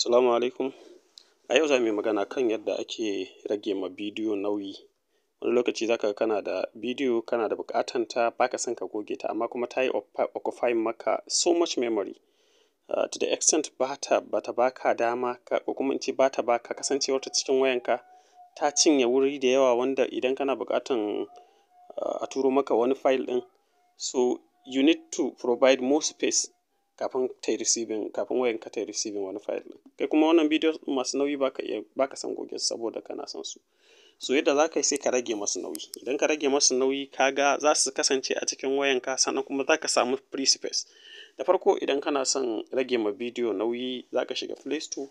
Assalamu alaikum. A yau za mu yi magana kan yadda ake rage ma bidiyo nauyi. Wani lokaci za ka ga kana da bidiyo, kana da bukatan ta, ba ka son ka goge ta, amma kuma ta yi occupy maka so much memory. Uh, to the extent ba ta, ba ta ba ka dama, ko kuma in ce ba ta ba ka kasancewar ta cikin wayanka, ta cinye wuri da yawa wanda idan kana bukatan uh, ah, a turo maka wani file ɗin, so you need to provide more space kafin ta receiving kafin wayan ka ta yi receiving wani file ɗin kai kuma wannan bidiyo masu nauyi baka iya baka san goge su saboda kana son su so yadda zaka yi sai ka rage masu nauyi idan ka rage masu nauyi kaga za su kasance a cikin wayan ka sannan kuma zaka samu free space da farko idan kana son rage ma bidiyo nauyi zaka shiga play store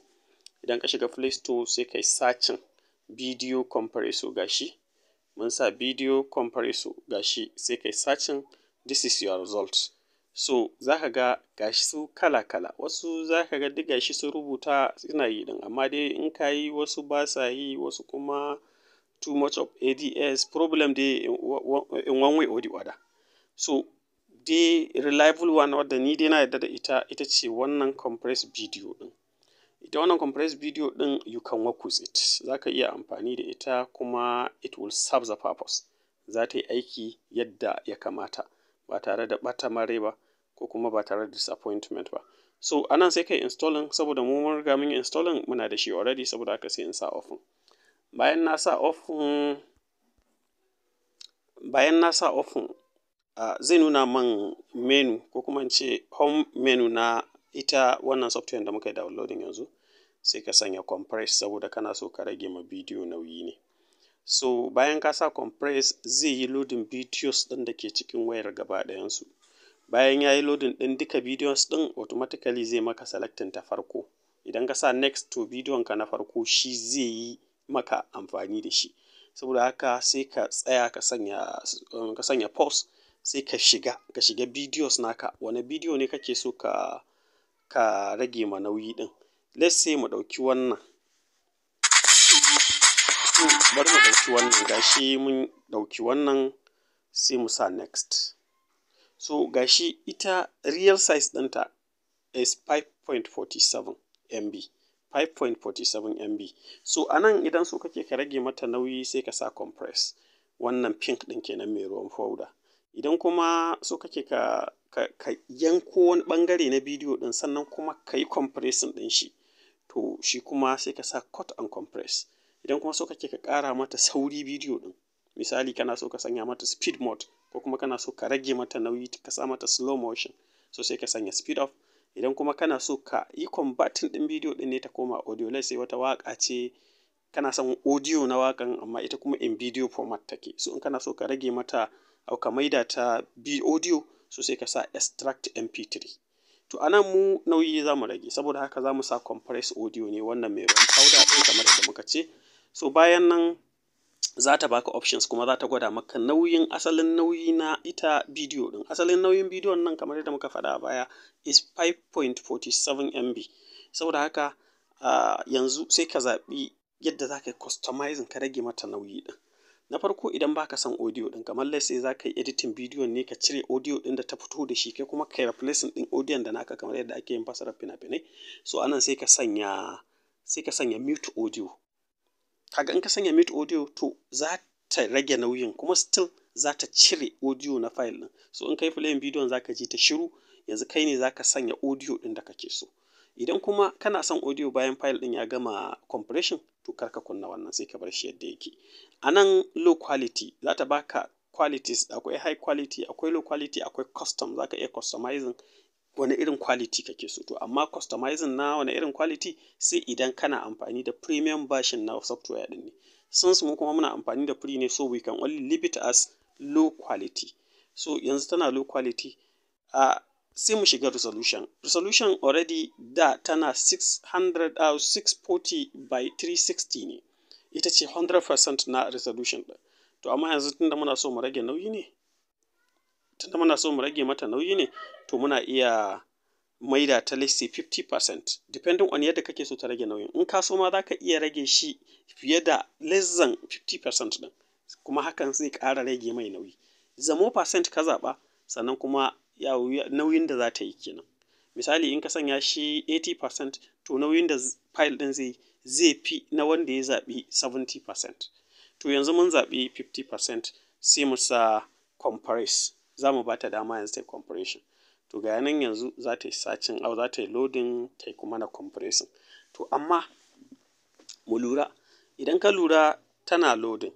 idan ka shiga play store sai kai sacin bidiyo compresso gashi mun sa bidiyo compresso gashi sai kai sacin this is your result So za ka ga gashi su kala-kala, wasu za ka ga duk gashi sun rubuta suna yi din amma dai in ka yi wasu ba sa yi, wasu kuma too much of ADS problem dai in one way or the other. So the reliable one wadda ni dai na yadda da ita, ita ce wannan compressed video din Ita wannan compressed video ɗin you can work with it, za ka iya amfani da ita kuma it will serve the purpose, za ta yi aiki yadda ya kamata. ba tare da ɓata mare ba ko kuma ba tare da disappointment ba so anan sai kai installing saboda mu mun riga mun installing muna da shi already saboda aka sai in sa off bayan na sa off bayan na sa off uh, zai nuna man menu ko kuma in ce home menu na ita wannan software da muka yi downloading yanzu sai ka sanya compress saboda kana so ka rage ma bidiyo nauyi ne So bayan ka sa compress zai yi loading videos din da ke cikin wayar gaba ɗayansu. Bayan ya yi loading din duka videos din automatically zai maka selecting ta farko. Idan ka sa next to bidiyon ka na farko shi zai yi maka amfani da shi. Saboda haka sai ka tsaya ka sanya, um, pause sai ka shiga, ka shiga videos naka. wani bidiyo ne kake so ka, ka rage ma nauyi din Let's say mu ɗauki wannan. to bari mu ɗauki wannan gashi mun ɗauki wannan sai mu sa next so gashi ita real size ɗinta is 5.47 MB 5.47 MB so anan idan so kake ka rage mata nauyi sai ka sa compress wannan pink ɗin kenan mai ruwan powder idan kuma so kake ka ka, ka yanko wani ɓangare na bidiyo ɗin sannan kuma ka yi compressing ɗin shi to shi kuma sai ka sa cut and compress Idan kuma so kake ka ƙara mata sauri bidiyo ɗin, misali kana so ka sanya mata speed mode ko kuma kana so ka rage mata nauyi ka sa mata slow motion so sai ka sanya speed up. Idan kuma kana so ka yi converting ɗin bidiyo ɗin ne ta koma audio Lai sai wata waƙa ce kana son audio na waƙan amma ita kuma in bidiyo format take. So in kana so ka rage mata au ka maida ta audio so sai ka sa extract mp3. To a nan mu nauyi za mu rage saboda haka za mu sa compress audio ne wannan mai ruwan powder ɗin kamar yadda muka ce. So bayan nan za ta baka options kuma za ta gwada maka nauyin asalin nauyi na ita bidiyo din. Asalin nauyin bidiyon nan kamar yadda muka faɗa a baya is 5.47 MB. Saboda haka a yanzu sai ka zaɓi yadda za ka customizing ka rage mata nauyi din. Na farko idan baka son audio din kamar let's sai za ka yi editing video ne ka cire audio din da ta fito da shi kai kuma ka yi replacing ɗin audio da naka kamar yadda ake yin fasara fina-finai. So anan sanya sai ka sanya mute audio kaga in ka sanya mute audio to za ta rage nauyin kuma still za ta cire audio na file ɗin so in kai playing bidiyon za ka ji ta shiru yanzu kai ne za ka sanya audio ɗin da kake so idan kuma kana son audio bayan file ɗin ya gama compression to kar ka kunna wannan sai ka bar shi yadda yake a nan low quality za ta baka qualities akwai high quality akwai low quality akwai custom za ka iya customizing wani irin quality kake so to amma customizing na wani irin kwaliti sai idan kana amfani da premium version na software din ne since mu kuma muna amfani da free ne so we can only leave it as low quality so yanzu tana low quality a sai mu shiga resolution resolution already da tana 600 uh, 640 by 360 ne ita ce 100% na resolution din to amma yanzu tunda muna so mu rage nauyi ne ta muna so mu rage mata nauyi ne to muna iya maida ta lissi 50% depending on yadda kake so ta rage nauyin in ka so ma za ka iya rage shi fiye da less than 50% din kuma hakan zai ƙara rage mai nauyi zamo percent ka zaɓa sannan kuma ya nauyin da za ta yi kenan misali in ka sanya shi 80% to nauyin da file din zai zai fi na wanda ya zaɓi 70% to yanzu mun zaɓi 50% sai mu sa compress za mu ba ta dama yanzu ta yi compression to ga yanan yanzu za ta yi sacin au za ta yi loading ta yi kuma na compression to amma mu lura idan ka lura tana loading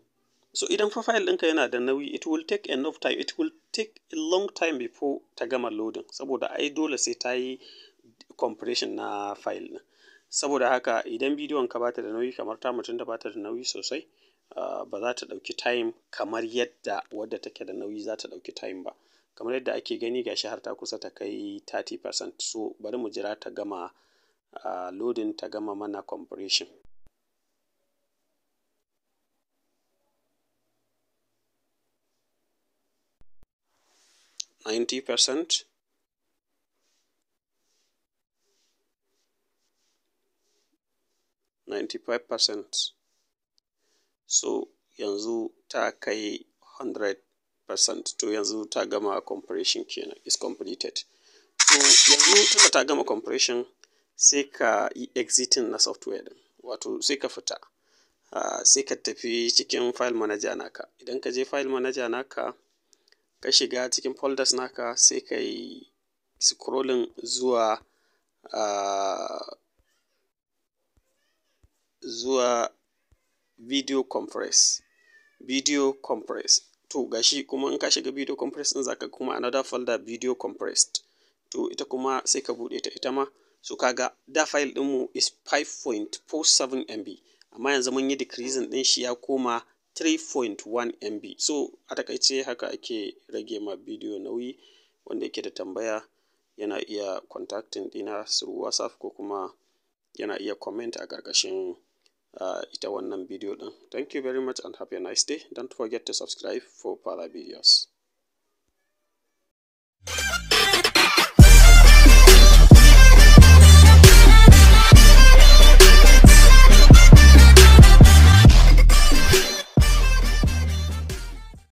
so idan fa file ɗinka yana da nauyi it will take enough time it will take a long time before ta gama loading saboda ai dole sai ta yi compression na fayil ɗin saboda haka idan bidiyon ka bata da nauyi kamar ta mutum da bata da nauyi sosai Uh, ba za ta ɗauki time kamar yadda wadda take da nauyi za ta ɗauki time ba. Kamar yadda ake gani ga shi har ta kusa ta kai 30%. So bari mu jira ta gama uh, loading ta gama mana compression. Ninety percent. Ninety-five percent. So yanzu ta kai 100% to yanzu ta gama compression kenan is completed. So yanzu tunda ta gama compression sai ka yi exiting na software din wato sai ka fita. Ah, sai ka tafi cikin file manager naka. Idan ka je file manager naka ka shiga cikin folders naka sai ka yi scrolling zuwa, ah, zuwa video compress video compress To gashi kuma in ka shiga video compress din zaka kuma another folder video compressed. To ita kuma sai ka bude ta ita ma. So kaga da file mu is 5.47 MB amma yanzu mun yi decreasing din shi ya koma 3.1 MB. So a takaice haka ake rage ma bidiyo nauyi wanda yake da tambaya yana iya contacting ɗina through WhatsApp ko kuma yana iya comment a ƙarƙashin uh, ita wannan bidiyo ɗin. Thank you very much and have a nice day. Don't forget to subscribe for further videos.